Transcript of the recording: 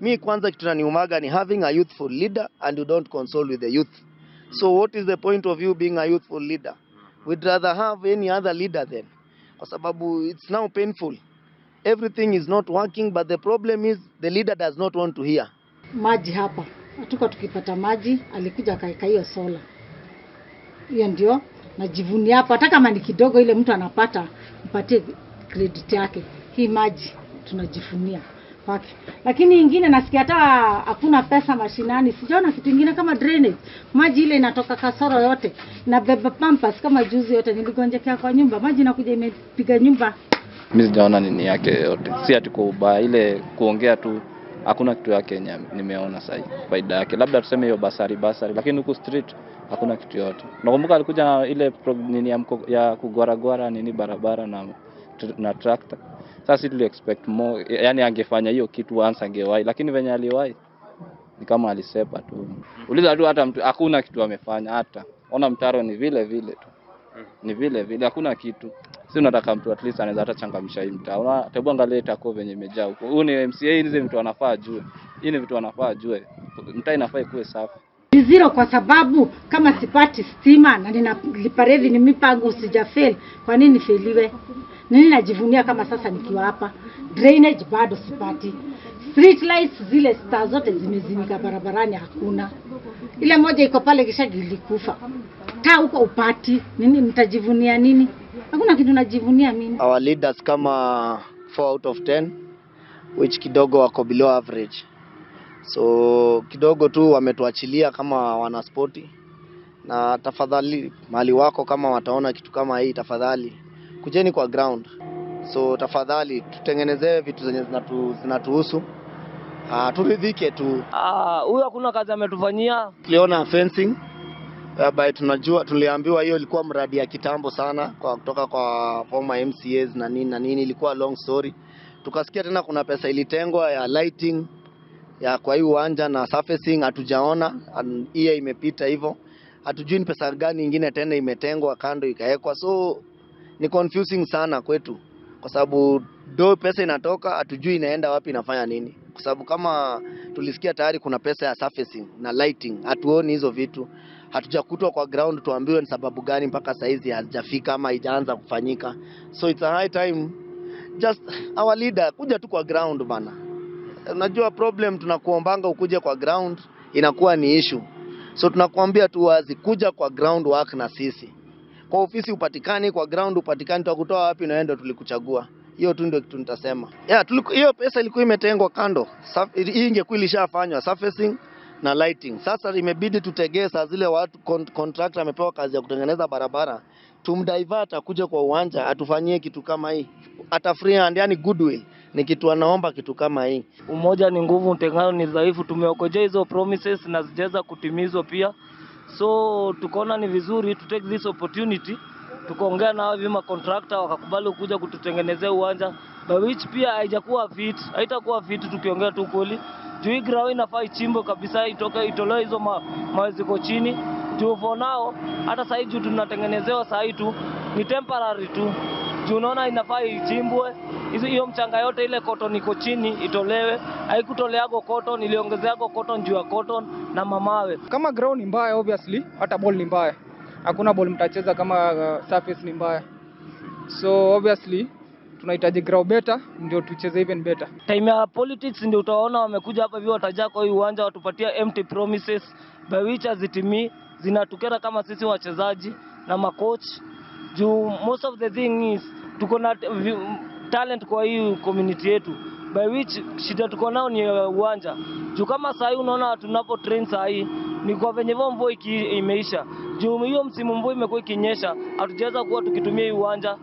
Mi kwanza kitu naniumaga ni having a youthful leader and you don't console with the youth. So what is the point of you being a youthful leader? We'd rather have any other leader then. Kwa sababu it's now painful. Everything is not working but the problem is the leader does not want to hear. Maji hapa. Hatuko tukipata maji, alikuja akaeka hiyo sola. Hiyo ndio najivunia hapo, hata kama ni kidogo, ile mtu anapata mpatie credit yake. Hii maji tunajivunia hawapaki. Lakini ingine nasikia hata hakuna pesa mashinani, sijaona kitu ingine kama drainage. Maji ile inatoka kasoro yote na beba pampas. Kama juzi yote niligonjekea kwa nyumba, maji inakuja imepiga nyumba. Mimi sijaona nini yake yote, si ati kwa ubaya, ile kuongea tu hakuna kitu ya Kenya nimeona sahi faida yake, labda tuseme hiyo basari basari, lakini huku street hakuna kitu yote. Nakumbuka alikuja na ile nini ya, mko, ya kugwaragwara nini barabara na, na tractor sasa si tuli expect more, yani angefanya hiyo kitu once angewahi, lakini venye aliwahi ni kama alisepa tu. Uliza tu hata mtu, hakuna kitu amefanya hata. Ona mtaro ni vile vile tu, ni vile vile, hakuna kitu. Si unataka mtu at least anaweza hata changamsha hii mtaa. Una tebu angalia itako venye imejaa huko. Huu ni MCA, hizi mtu anafaa ajue, hii ni vitu anafaa ajue, mtaa inafaa ikuwe safi ni zero kwa sababu kama sipati stima na ninalipa rent, ni mipango sijafeli, kwa nini feliwe? Nini najivunia kama sasa nikiwa hapa, drainage bado sipati, street lights zile star zote zimezimika barabarani, hakuna ile moja iko pale kisha gilikufa Taa huko upati nini, nitajivunia nini? Hakuna kitu najivunia mimi. Our leaders kama 4 out of 10 which kidogo wako below average, so kidogo tu wametuachilia kama wanaspoti, na tafadhali mali wako kama wataona kitu kama hii, tafadhali kujeni kwa ground. So tafadhali tutengenezee vitu zenye zinatuhusu uh, turidhike tu. Ah, uh, hakuna kazi ametufanyia. Tuliona fencing ah, Baadaye tunajua, tuliambiwa hiyo ilikuwa mradi ya kitambo sana kwa kutoka kwa former MCAs na nini na nini, ilikuwa long story. Tukasikia tena kuna pesa ilitengwa ya lighting ya kwa hii uwanja na surfacing, hatujaona hiyo imepita hivyo, hatujui ni pesa gani ingine tena imetengwa kando ikawekwa so ni confusing sana kwetu, kwa sababu do pesa inatoka, hatujui inaenda wapi, inafanya nini, kwa sababu kama tulisikia tayari kuna pesa ya surfacing na lighting, hatuoni hizo vitu, hatujakutwa kwa ground tuambiwe ni sababu gani mpaka saizi hazijafika ama haijaanza kufanyika. So it's a high time just our leader kuja tu kwa ground bana. Unajua problem tunakuombanga ukuje kwa ground inakuwa ni issue, so tunakuambia tu wazi, kuja kwa ground work na sisi kwa ofisi upatikani, kwa ground upatikani, tutakutoa wapi? Na ndio tulikuchagua. Hiyo tu ndio kitu nitasema. Yeah, hiyo pesa ilikuwa imetengwa kando. Hii ingekuwa ilishafanywa surfacing na lighting. Sasa imebidi tutegee saa zile watu contractor amepewa kazi ya kutengeneza barabara. Tumdivert akuje kwa uwanja atufanyie kitu kama hii. Ata free hand yani goodwill ni kitu anaomba kitu kama hii. Umoja ni nguvu, utengano ni dhaifu. Tumeokojea hizo promises na zijaweza kutimizwa pia. So tukaona ni vizuri to take this opportunity, tukaongea na hivi ma contractor wakakubali kuja kututengenezea uwanja by which pia haijakuwa fit, haitakuwa fit tukiongea tu kweli juu hii gravel inafaa ichimbwe kabisa, itoke itolewe hizo ma, mawe ziko chini juu for now, hata sasa hivi tunatengenezewa sahii tu ni temporary tu juu unaona inafaa ichimbwe hiyo mchanga yote ile cotton iko chini itolewe. Haikutoleago cotton, iliongezeago cotton juu ya cotton na mamawe. Kama ground ni mbaya, obviously hata ball ni mbaya, hakuna ball mtacheza kama uh, surface ni mbaya, so obviously tunahitaji grow better ndio tucheze even better. Time ya politics ndio utaona wamekuja hapa hivi watajaa kwa hii uwanja watupatia empty promises by which hazitimii, zinatukera kama sisi wachezaji na makoch juu most of the thing is tuko na talent kwa hii community yetu, by which shida tuko nao ni uwanja juu. Kama saa hii unaona tunapo train saa hii ni kwa venye vyo mvua imeisha, juu hiyo msimu mvua imekuwa ikinyesha, hatujaweza kuwa tukitumia hii uwanja